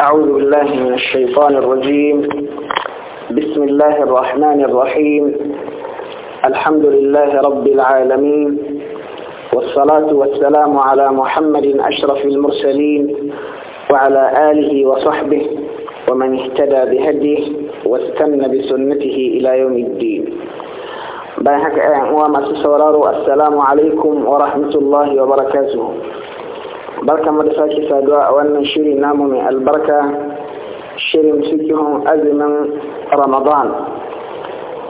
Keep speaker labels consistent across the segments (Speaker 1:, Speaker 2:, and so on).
Speaker 1: أعوذ بالله من الشيطان الرجيم بسم الله الرحمن الرحيم الحمد لله رب العالمين والصلاة والسلام على محمد أشرف المرسلين وعلى آله وصحبه ومن اهتدى بهديه واستنى بسنته إلى يوم الدين باهك أعوام السلام عليكم ورحمة الله وبركاته mu da sake saduwa a wannan shiri namu mai albarka shirin cikin azumin ramadan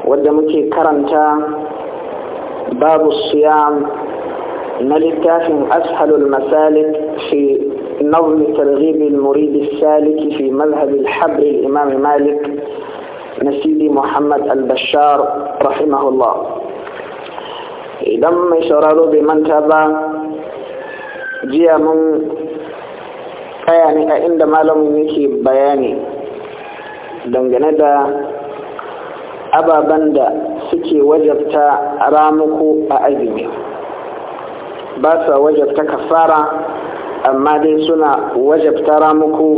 Speaker 1: wadda muke karanta babu siyam na littafin ashalul masalik fi نظم ترغيب المريد السالك في مذهب الحبر الإمام مالك نسيدي محمد البشار رحمه الله إذا ما يشرر بمن تبع jiya mun tsaya ne a inda malamin yake bayani dangane da ababen da suke wajabta ramuku a azumi ba sa wajabta kafara amma dai suna wajabta ramuku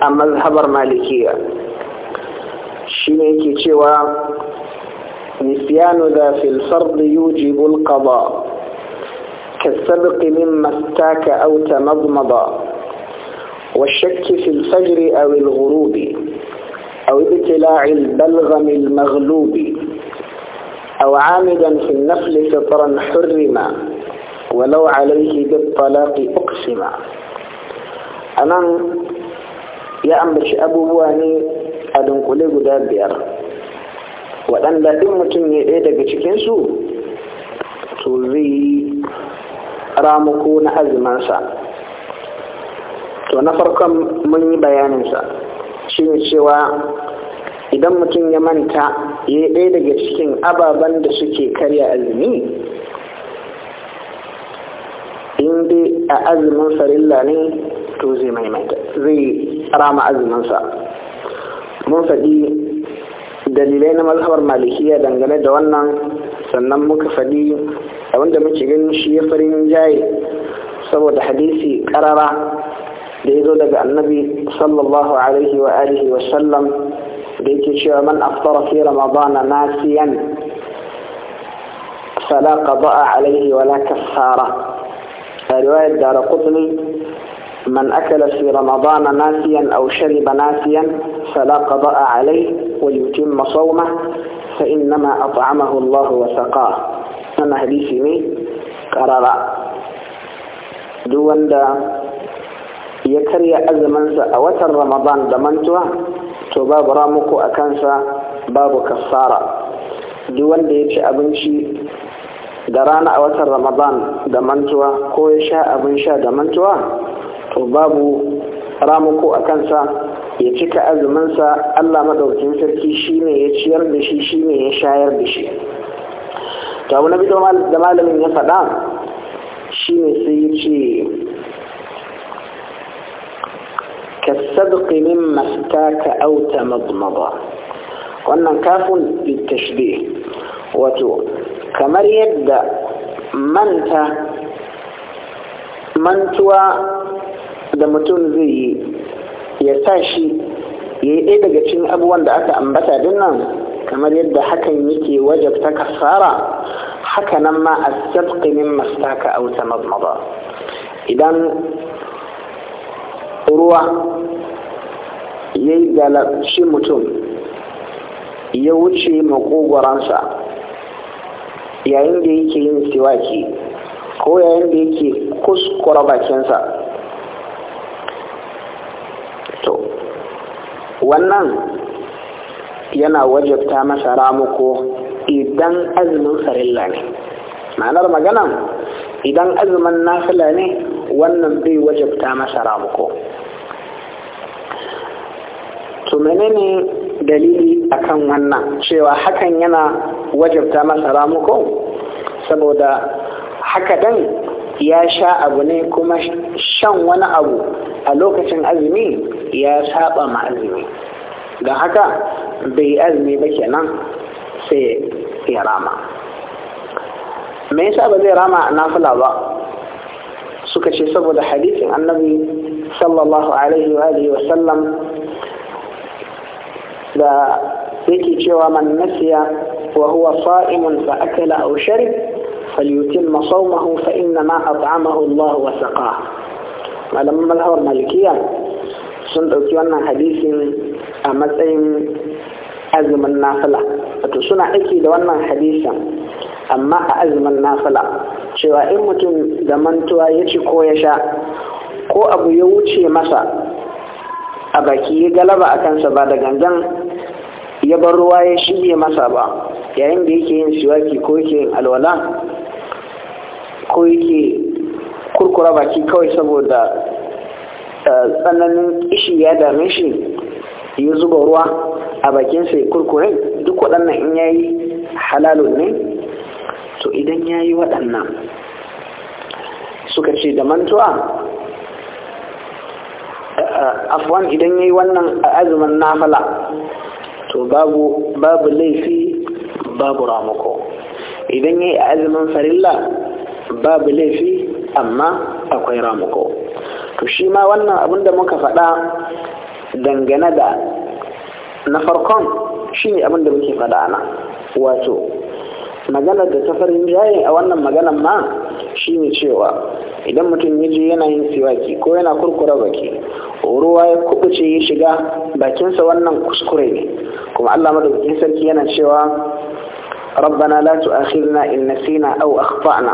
Speaker 1: a mazhabar malikiya shi ne yake cewa nisiyanu da filfar da yuji bulkaba كالسبق مما استاك أو تمضمض والشك في الفجر أو الغروب أو ابتلاع البلغم المغلوب أو عامدا في النفل فطرا حرما ولو عليه بالطلاق أقسما أنا يا أمبش أبو واني أدن قليل دابير وأن لا دمتني إيدك تكنسو تولي ramuku na azumansa to na farkon mun yi bayaninsa shi ne cewa idan mutum ya manta ya ɗaya daga cikin ababen da suke karya azumi inda a azumin farilla ne to zai maimaita zai rama azuminsa mun faɗi dalilai na mazhabar malikiya dangane da wannan sannan muka faɗi wanda muke ganin shi ya farin jaye saboda hadisi karara da ya zo daga annabi sallallahu alaihi wa alihi wa sallam da yake cewa man aftara fi ramadana nasiyan fala qada'a alaihi wa la kaffara a riwayar dara qutni man akala fi ramadana nasiyan aw shariba nasiyan fala qada'a alaihi wa yutimma sawmahu fa innama at'amahu Allah wa saqahu sana hadisi ne karara duk wanda ya karya azumansa a watan ramadan da mantuwa to babu ramuku a kansa babu kassara duk wanda ya ci abinci da rana a watan ramadan da mantuwa ko ya sha abin sha da mantuwa to babu ramuku a kansa ya cika azumansa allah maɗaukin sarki shi ne ya ciyar da shi shi ne ya shayar da shi to na biyu da malamin ya faɗa shi ne sai ya ce ka sadqi min ka auta madmada wannan kafin tashbih wato kamar yadda manta mantuwa da mutum zai yi ya sa shi ya yi ɗaya daga cikin abubuwan da aka ambata dinnan kamar yadda hakan yake wajabta kasara haka nan ma a sabkinin min a wuta mazmaba idan ruwa ya yi galabci mutum ya wuce makogoransa yayin da yake yin siwaki ko yayin da yake kuskura bakinsa to wannan yana wajabta masa ramuko idan azumin farilla ne ma'anar magana idan azumin nafila ne wannan bai wajabta masa ramuko to menene dalili akan wannan cewa hakan yana wajabta masa ramuko saboda haka dan ya sha abu ne kuma shan wani abu a lokacin azumi ya saba ma azumi don haka bai azumi ba kenan sai ya rama me yasa ba zai rama nafula ba suka ce saboda hadisin annabi sallallahu alaihi wa alihi sallam da yake cewa man nasiya wa huwa sa'imun fa akala aw sharib falyutimma sawmahu fa inna ma at'amahu Allah wa saqah malaman malhawar malikiya sun dauki wannan hadisin a matsayin azumin nafila wato suna aiki da wannan hadisan amma a azumin nafila cewa in mutum da mantuwa ya ci ko ya sha ko abu ya wuce masa a baki ya galaba a kansa ba da gangan ya bar ruwa ya shige masa ba yayin da yake yin siwaki ko yake yin alwala ko yake kurkura baki kawai saboda eh, tsananin ishi ya dame shi ya zuba ruwa a bakin sai kurkure, duk waɗannan in ya yi halalun ne to idan ya yi waɗannan suka ce da mantuwa afwan idan ya yi wannan a azumin nafala to babu laifi babu ramako idan ya yi a azumin farilla babu laifi amma akwai ramako to shi ma wannan abin da muka faɗa dangane da na farkon shi ne abinda muke faɗa ana. wato maganar da ta farin jaye a wannan maganan ma Shi ne cewa idan mutum ya je yana yin siwaki ko yana kurkura baki ruwa ya kubuce ya shiga bakinsa wannan kuskure ne kuma Allah madaukakin sarki yana cewa rabbana la tu'akhirna in nasina aw akhtana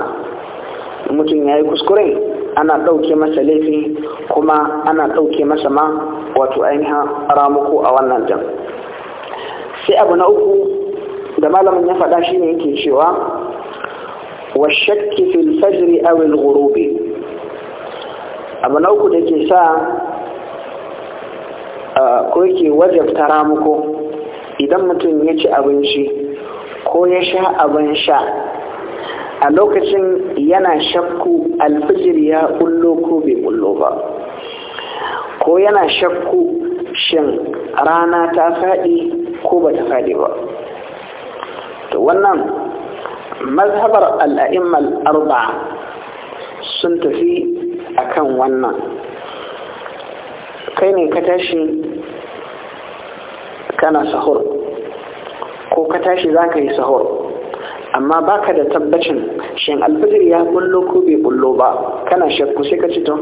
Speaker 1: mutum yayi kuskure ana dauke masa laifi kuma ana dauke masa ma wato ainihin ramuku a wannan jan sai abu na uku da malamin ya faɗa shi ne yake cewa wa shakki fil fajri aw al ghurubi abu na uku da ke sa ko yake wajabta ramuku idan mutum ya ci abinci ko ya sha abin sha a lokacin yana shakku alfijir ya kullo ko bai kullo ba ko yana shakku shin rana ta faɗi ko ba ta faɗi ba to wannan mazhabar al'a'immal arba sun tafi akan wannan kai ne ka tashi kana sahur ko ka tashi za ka yi sahur amma baka da tabbacin shin alfajir ya bullo ko bai bullo ba kana shakku sai ka ci to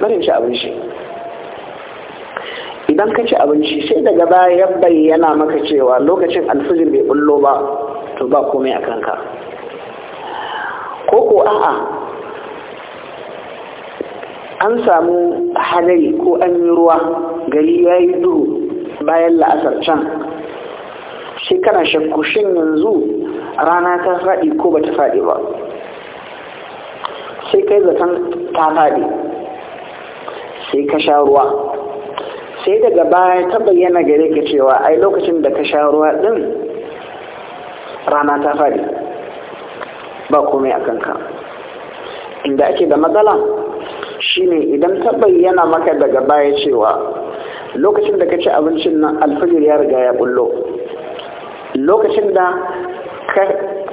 Speaker 1: bari ci abin shi idan ka ci abinci sai daga baya ya bayyana maka cewa lokacin alfijir bai bullo ba to ba komai a kanka ko ko a'a an samu hadari ko an yi ruwa gari ya yi duhu bayan la'asar can sai kana shakkushin yanzu rana ta faɗi ko ba ta faɗi ba sai kai zaton ta faɗi sai ka sha ruwa sai daga baya ta bayyana gare ka cewa ai lokacin da ka sha ruwa din rana ta faɗi ba komai a kanka inda ake da matsala shine idan ta bayyana maka daga baya cewa lokacin da ka ci abincin nan alfajir ya riga ya bullo lokacin da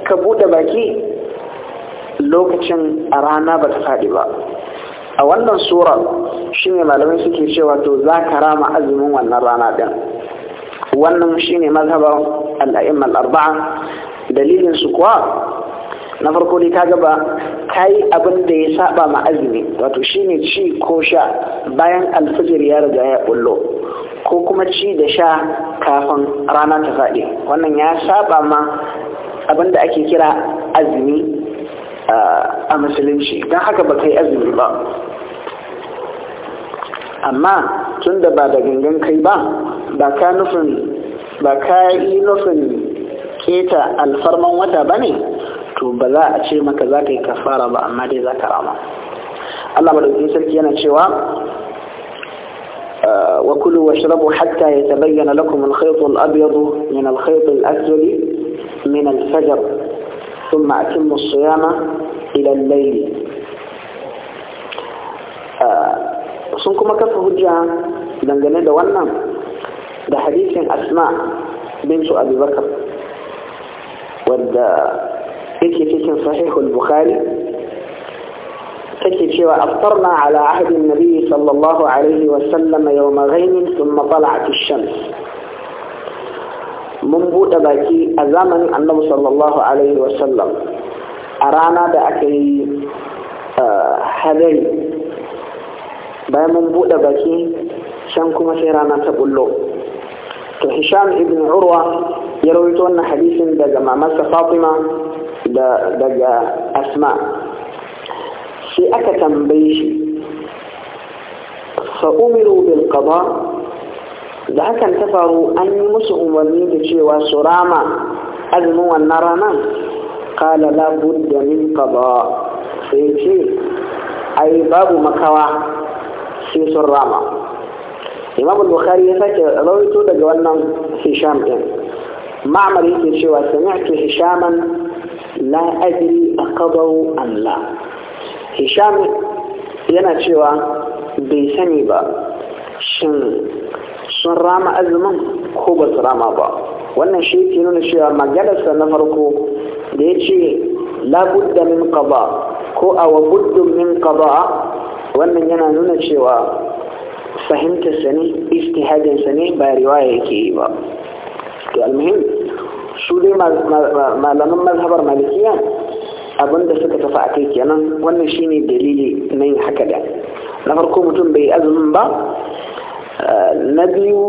Speaker 1: ka bude baki lokacin a rana ba ta faɗi ba a wannan surar shine malamai suke cewa to za ka rama azumin wannan rana ɗin wannan shine mazhabar al'a'imma al'arba'a dalilin su kuwa na farko dai ta gaba ka yi abin da ya saba ma azumi wato shine ci ko sha bayan alfijir ya riga ya bullo ko kuma ci da sha kafin rana ta faɗi wannan ya saba ma abin da ake kira azumi ah, a musulunci don haka ba ka yi azumi ba amma tun da ba da gangan kai ba ba ka nufin ba ka yi nufin keta alfarman wata ba ne to ba za a ce maka za ka yi kafara ba amma dai za ka rama Allah ba da madaukakin sarki yana cewa wa kulu washrabu hatta yatabayyana lakum al-khayt al-abyad min al-khayt al-aswad min al-fajr thumma atimmu as-siyama sun kuma kafa hujja dangane da wannan da hadisin asma bin su abubakar wadda yake cikin sahihul bukhari take cewa aftarna ala ahdin nabi sallallahu alaihi wasallam yau maghainin sun matsala a shams mun buɗe baki a zamanin annabi sallallahu alaihi wasallam a rana da aka yi eh, hadari bayan mun buɗe baki can kuma sai rana ta bullo to hisham ibn urwa ya rawaito wannan hadisin daga mamarsa fatima da daga asma sai aka tambaye shi fa'umiru bil qada da hakan ta faru an yi musu umarni da cewa su rama azumin wannan rana. kala labudda min qada sai ce ai babu makawa sai sun rama imam bukhari ya sake rawaito daga wannan hisham din ma'amar yake cewa sami'tu hishaman la a kabaru an la hisham yana cewa bai sani ba shin sun rama azumin ko ba su rama ba wannan shi ke nuna cewa maganarsa na farko da ya ce labudda min qada ko awa buddu min qada wannan yana nuna cewa fahimtar sani istihadin ne ba riwaya yake yi ba to almuhim su dai malaman mazhabar malikiya abinda suka tafi a kai kenan wannan shine dalili na yin haka da na farko mutum bai azumin ba eh, na biyu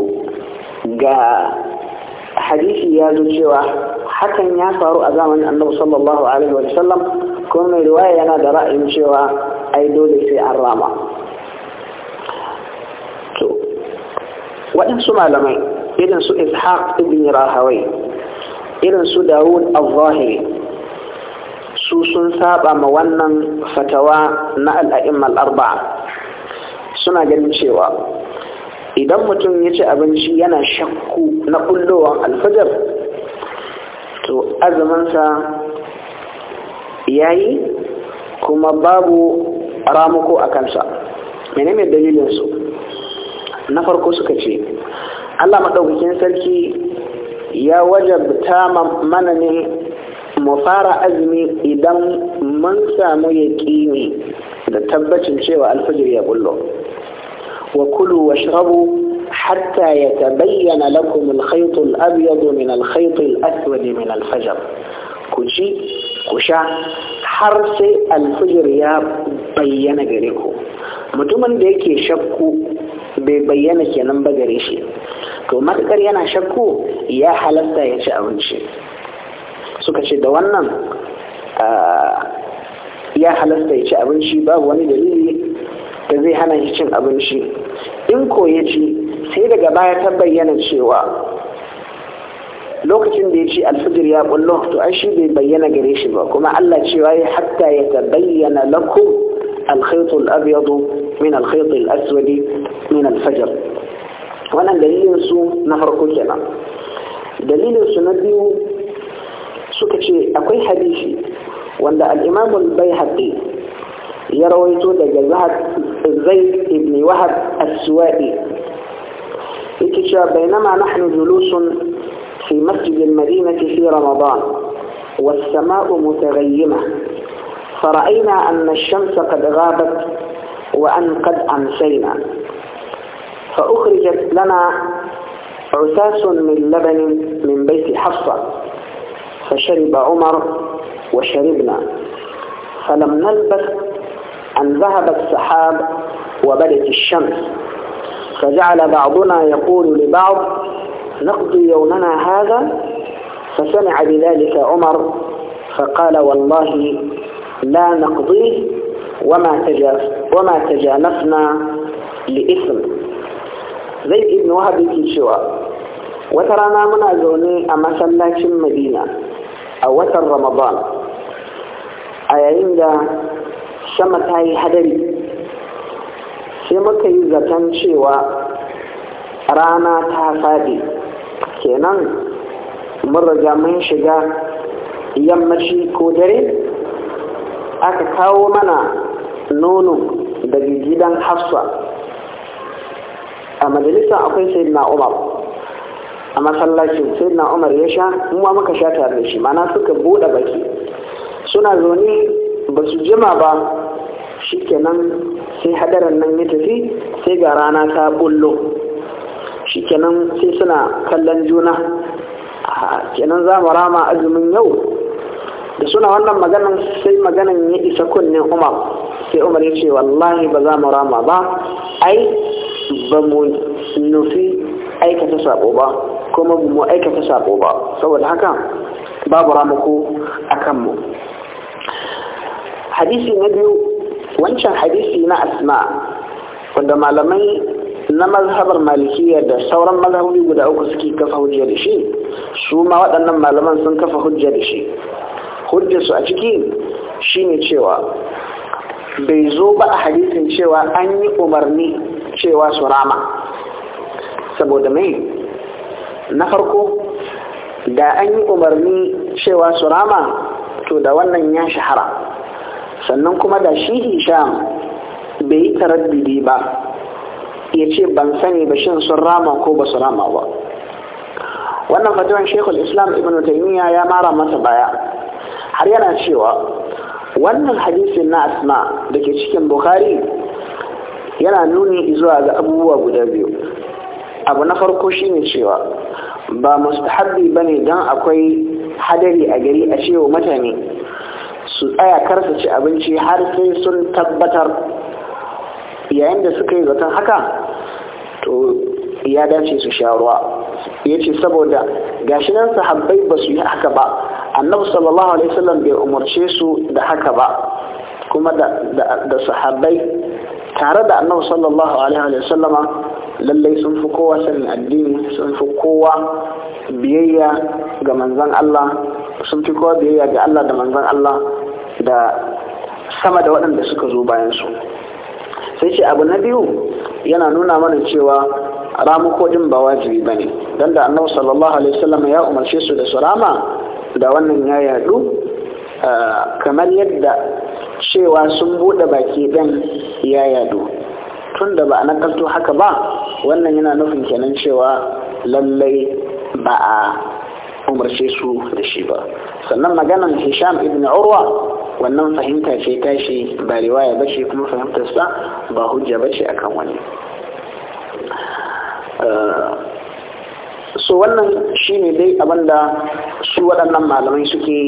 Speaker 1: ga hadisi ya zo cewa hakan ya faru a zamanin annabi sallallahu alaihi wa kuma mai riwaya yana da ra'ayin cewa ai dole sai an rama to waɗansu malamai irin su ishaq ibn rahawai irin su dawud al-zahiri su sun saba ma wannan fatawa na al'a'im al'arba suna ganin cewa idan mutum ya ci abinci yana shakku na kullowar alfajar to azuminsa ya yi kuma babu ramuko a kansa menene dalilinsu na farko suka ce allah maɗaukakin sarki ya wajabta mana ne mu fara azumi idan mun samu yaƙini da tabbacin cewa alfajir ya bullo wa kulu wa shirabu hatta ya tabayyana lakum alkhaitul abyadu min alkhaitul aswadi min alfajar ku ci ku sha har sai alfijir ya bayyana gare ku mutumin da yake shakku bai bayyana kenan ba gare shi to matukar yana shakku ya halatta ya ci abinci suka ce da wannan ya halasta ya ci abinci babu wani dalili da zai hana shi cin abinci in ko ya ci sai daga baya ta bayyana cewa lokacin da ya ce alfijir ya kullo to ai shi bai bayyana gare shi ba kuma Allah cewa ya hatta ya tabayyana lakum alkhayt al-abyad min alkhayt al-aswad min al wannan dalilin su na farko kenan dalilin su na biyu suka ce akwai hadisi wanda al-imam al-baihaqi ya rawaito daga Zahab Zaid ibn Wahab as-Suwa'i yake cewa bainama nahnu julusun في مسجد المدينة في رمضان والسماء متغيمة فرأينا أن الشمس قد غابت وأن قد أمسينا فأخرجت لنا عساس من لبن من بيت حفصة فشرب عمر وشربنا فلم نلبث أن ذهب السحاب وبلت الشمس فجعل بعضنا يقول لبعض نقضي يومنا هذا فسمع بذلك عمر فقال والله لا نقضيه وما تجرف وما تجانفنا لإثم زيد بن وهب في شواء وترانا منا زوني أما سلاك المدينة أو وتر رمضان أي عند شمت هاي حدري في مكيزة شواء رانا تافادي kenan mun riga mun shiga yammaci ko dare aka kawo mana nono daga gidan hafsa a majalisa akwai sayyidina umar a masallacin sayyidina umar ya sha muwa muka sha tare da shi mana suka bude baki suna zaune ba su jima ba Shi kenan sai hadarin nan ya tafi sai ga rana ta bullo shikenan sai suna kallon juna ah, kenan za mu rama azumin yau da suna wannan maganan sai maganan ya isa kunnen umar sai umar ya ce wallahi ba za mu rama ba ai ba mu nufi aikata sabo ba kuma ba mu aikata sabo ba saboda haka babu ramako a kanmu hadisi na biyu wancan hadisi na asma wanda malamai na mazhabar malikiya da sauran mazhabobi guda uku suke kafa hujja da shi su ma waɗannan malaman sun kafa hujja da shi hujjarsu a ciki shine cewa bai zo ba a hadisin cewa an yi umarni cewa su rama saboda mai na farko da an yi umarni cewa su rama to da wannan ya shahara sannan kuma da shi isha bai yi taraddidi ba ya ce ban sani ba shin sun rama ko ba su rama ba wannan fatawan shekul islam ibn taimiyya ya mara masa baya har yana cewa wannan hadisin na asma da ke cikin bukhari yana nuni zuwa ga abubuwa guda biyu abu na farko shine cewa ba masu ba ne don akwai hadari a gari a cewa mutane su tsaya kar su abinci har sai sun tabbatar yayin da suka yi zaton haka to ya dace su sha ruwa ya ce saboda gashi nan sahabbai ba su yi haka ba annabi sallallahu alaihi wasallam bai umarce su da haka ba kuma da sahabbai tare da annabi sallallahu alaihi wasallama lallai sun fi kowa sanin addini sun fi kowa biyayya ga manzan Allah sun fi kowa biyayya ga Allah da manzan Allah da sama da waɗanda suka zo bayan su sai ce abu na biyu yana nuna mana cewa ramuko din ba wajibi ba ne don da annabi sallallahu alaihi wasallam ya umarce su da su rama da wannan ya yadu eh, kamar yadda cewa sun buɗe baki ɗin ya yadu tun da ba a nakalto haka ba wannan yana nufin kenan cewa lallai ba a umarce su da shi ba sannan maganan hisham ibn urwa wannan fahimta ce tashi ba riwaya ba ce kuma fahimtarsa ba hujja ba ce akan wani eh, so wannan shi ne dai abinda su waɗannan malamai suke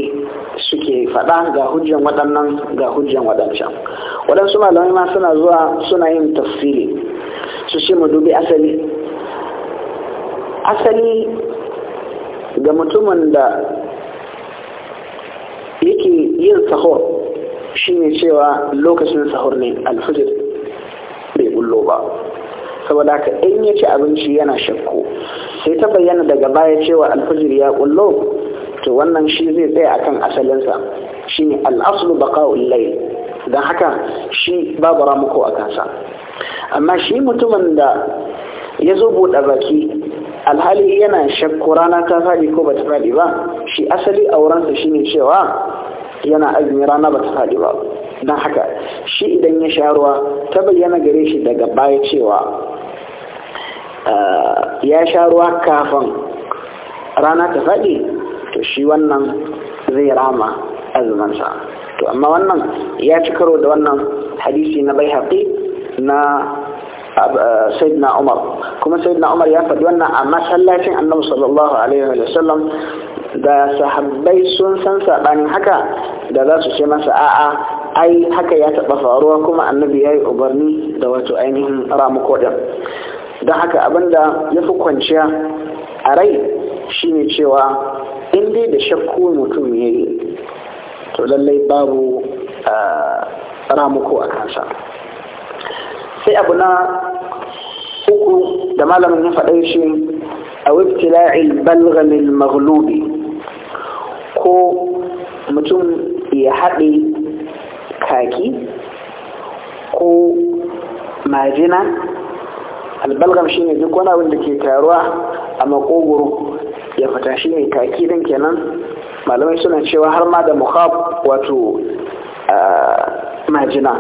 Speaker 1: suke faɗa ga hujjan waɗannan ga hujjan waɗancan waɗansu malamai ma suna zuwa suna yin tafsiri su ce mu dubi asali asali ga mutumin da Shi ne cewa lokacin sahur ne alfijir bai bullo ba saboda ka in ya ci abinci yana shakku sai ta bayyana daga baya cewa alfijir ya kullo to wannan shi zai tsaya akan asalinsa Shi ne al'asulu baka layl don haka shi babu ramuko a kansa amma shi mutumin da ya zo buɗe baki alhali yana shakku rana ta faɗi ko bata faɗi ba shi asali a shi ne cewa yana azumi rana ba ta faɗi ba don haka shi idan ya sha ruwa ta bayyana gare shi daga baya cewa ah, ya sha ruwa kafin rana ta faɗi to shi wannan zai rama azumansa to amma wannan ya ci karo da wannan hadisi na bai haƙi na ah, sayyidina umar kuma sayyidina umar ya faɗi wannan a masallacin annabi sallallahu alaihi wa sallam da sahabbai sun san saɓanin haka da za su ce masa a'a ai haka ya taɓa faruwa kuma annabi ya yi ubarni da wato ainihin ramuko ɗin don haka abinda ya fi kwanciya a rai shine cewa in da shakku mutum ya yi to lallai babu ramuko a kansa sai abu na uku da malamin ya faɗa shi a wibtila'il balgamin maglubi ko mutum ya haɗe kaki ko majina albalgam shi ne duk wani abin ke taruwa a makogoro ya fita shi ne kaki din kenan malamai suna cewa har ma da muhab wato majina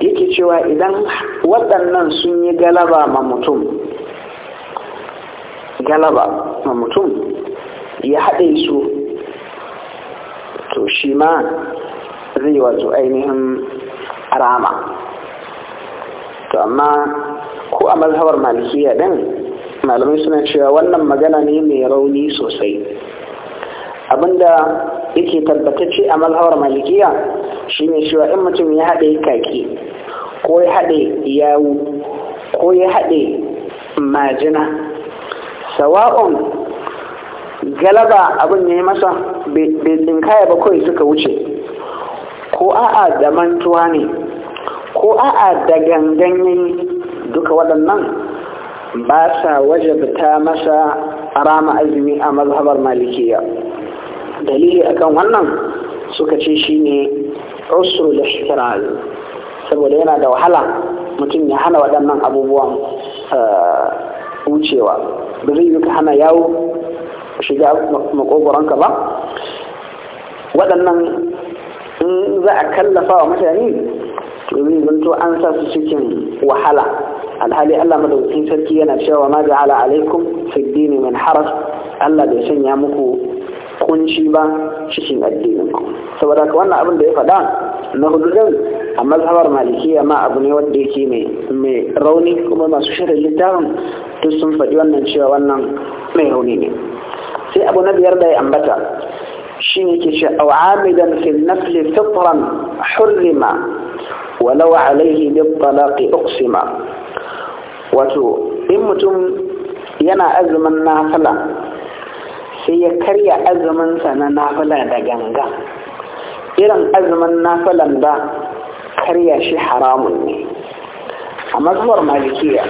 Speaker 1: yake cewa idan waɗannan sun yi galaba ma mutum galaba ma mutum ya haɗe su to shi ma zai wato ainihin rama to amma ko a mazhabar malikiya din malamai suna cewa wannan magana ne mai rauni sosai abinda yake tabbatacce a mazhabar malikiya shine cewa in mutum ya haɗe kaki ko ya haɗe yawu ko ya haɗe majina sawa'un galaba abin ya yi masa bai tsinkaya ba kawai suka wuce ko a'a da mantuwa ne ko a'a da ganganyi duka waɗannan ba sa waje ta masa rama azumi a mazhabar malikiya dalili akan wannan suka ce shi ne shine da ihtiral saboda yana da wahala mutum ya hana waɗannan abubuwan eh, wucewa ba zai yi hana yawo shiga makogoranka ba waɗannan in za a kallafa wa mutane domin zanto an sa su cikin wahala alhali Allah madaukakin sarki yana cewa ma ala alaikum fi dini min haraj Allah bai sanya muku kunci ba cikin addinin ku saboda ka wannan abin da ya faɗa na hududin a mazhabar malikiya ma abu ne wanda yake mai rauni kuma masu shirin littafin duk sun faɗi wannan cewa wannan mai rauni ne sai abu na biyar da ya ambata شيك أو عامدا في النفل فطرا حرما ولو عليه بالطلاق أقسم وتو إمتم ينا أزم النافلة في كريا أزم سنة نافلة دقنقا إذن أزم النافلة دا كريا شي حرام أمزور مالكية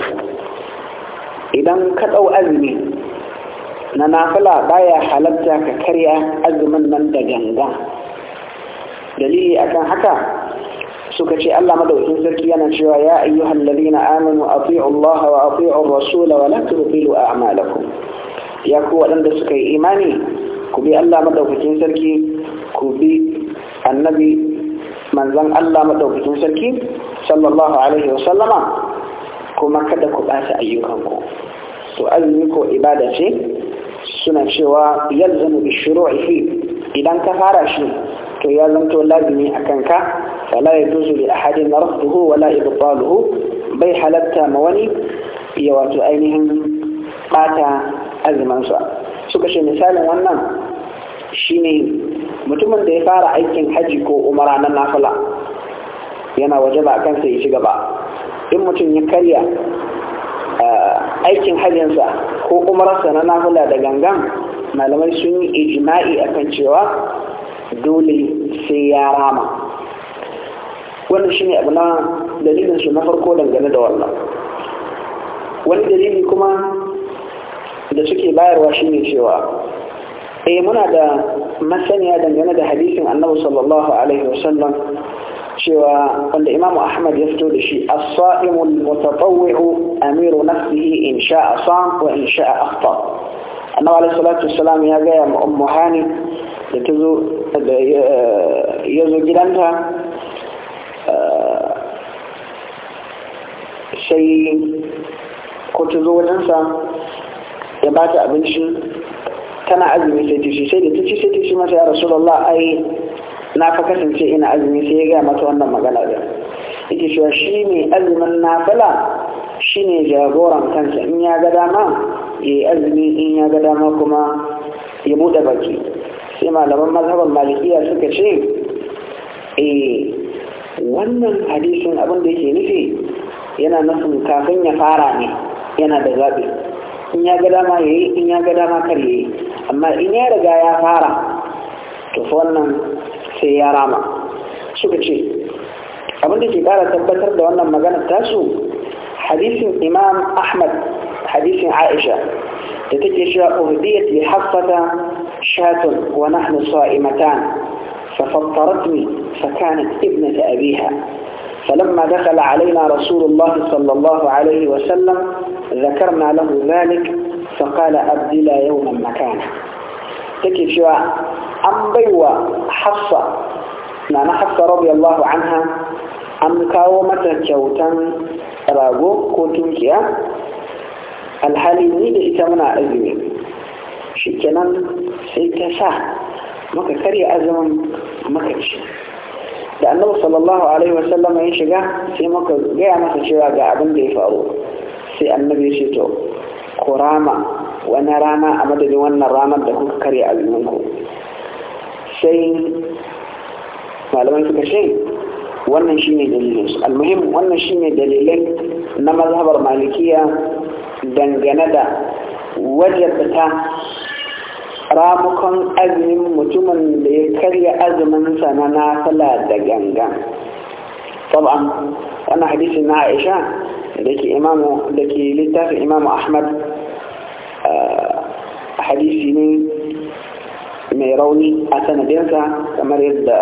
Speaker 1: إذن كتو أزمي na nafila baya halatta ka karya azumin nan da ganga dalili akan haka suka ce Allah madaukin sarki yana cewa ya ayyuhal ladina amanu ati'u Allah wa ati'u rasula wa la tubtilu a'malakum ya ku waɗanda suka yi imani ku bi Allah madaukakin sarki ku bi annabi manzon Allah madaukakin sarki sallallahu alaihi wa sallama kuma kada ku ɓata ayyukanku to azumi ko ibada ce suna cewa yalzamu bi shuru'i fi idan ka fara shi to ya zanto lazimi a ka, fala ya tuzu li ahadin rafduhu wala ibtaluhu bai halatta ma wani ya wato ainihin bata azumansa suka ce misalin wannan shine mutumin da ya fara aikin haji ko umara na nafila yana waje ba kansa ya ci gaba in mutum ya karya eh, aikin hajjinsa ko rasa na nahula da gangan malamai sun yi ijima'i kan cewa dole sai ya rama wannan ne abu na dalilin su na farko dangane da wannan wani dalili kuma da suke bayarwa shine cewa eh muna da masaniya dangane da hadisin annabi sallallahu alaihi wasallam شوى قل الإمام أحمد يفتد شيء الصائم المتطوع أمير نفسه إن شاء صام وإن شاء أخطأ النبي عليه الصلاة والسلام يا جيم أم هاني يتزو يزو جلنتها شيء كتزو جلنسا يبات أبنشي تنا عزمي سيتشي سيتشي سيتشي ما سيا رسول الله أي na fa kasance ina azumi sai ya gaya mata wannan magana da yake cewa shi ne azumin nafila shi ne jagoran kansa in ya ga dama ya yi azumi in ya ga dama kuma ya buɗe baki sai malaman mazhaban malikiya suka ce E, wannan hadisin abin da yake nufi yana nufin kafin ya fara ne yana da zaɓi in ya ga dama ya yi in ya ga dama kar ya yi amma in ya riga ya fara to wannan sai ya rama suka ce abinda ke kara tabbatar da wannan magana tasu hadisin imam ahmad hadisin aisha da take cewa uhdiyat li hafsata shatun wa nahnu sa'imatan ففطرتني فكانت ابنة أبيها فلما دخل علينا رسول الله صلى الله عليه وسلم ذكرنا له ذلك فقال أبدلا يوما مكانه take cewa an baiwa hafsa na na hafsa radiyallahu anha an kawo mata kyautan rago ko tunkiya alhali ni da ita muna azumi shikenan sai ta sa muka karya azumin maka ci da annabi sallallahu alaihi wa sallam ya shiga sai muka gaya masa cewa ga abin da ya faru sai annabi ya ce to ku rama wani rana a madadin wannan ranar da kuka karya azumin ku شيء ما لم يكن شيء ونشيني دليلين المهم ونشيني دليلين نما ذهب المالكية دان جندا وجدتا رابكم أزم متوما ليكري أزما سننا فلا دجنجا طبعا أنا حديث عائشة لك إمامه لك لتاف إمام أحمد آه، حديثني mai rauni a sanadinsa kamar yadda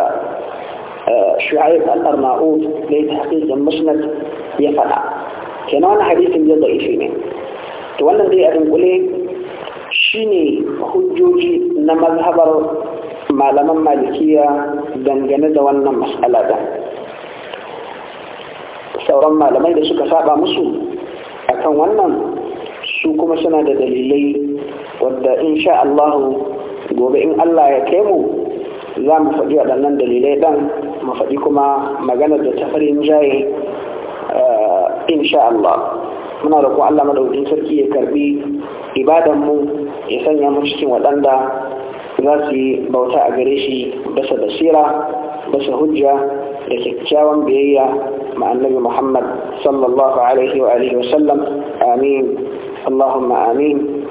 Speaker 1: eh, shu'aib al-arnaud da ya ya faɗa kenan wani hadisin ya da'ifi ne to wannan yi a dunkule ne hujjoji na mazhabar malaman malikiya dangane da wannan mas'ala da sauran malamai da suka saba musu akan wannan su kuma suna da dalilai wadda insha Allahu gobe in Allah ya kai mu za mu faɗi waɗannan dalilai ɗan mu faɗi kuma maganar da ta farin jaye eh, insha Allah muna da ku Allah madaukin sarki ya karbi ibadan mu ya sanya mu cikin waɗanda za su yi bauta a gare shi basa basira basa hujja da kyakkyawan biyayya ma annabi Muhammad sallallahu alaihi wa alihi wa sallam amin اللهم آمين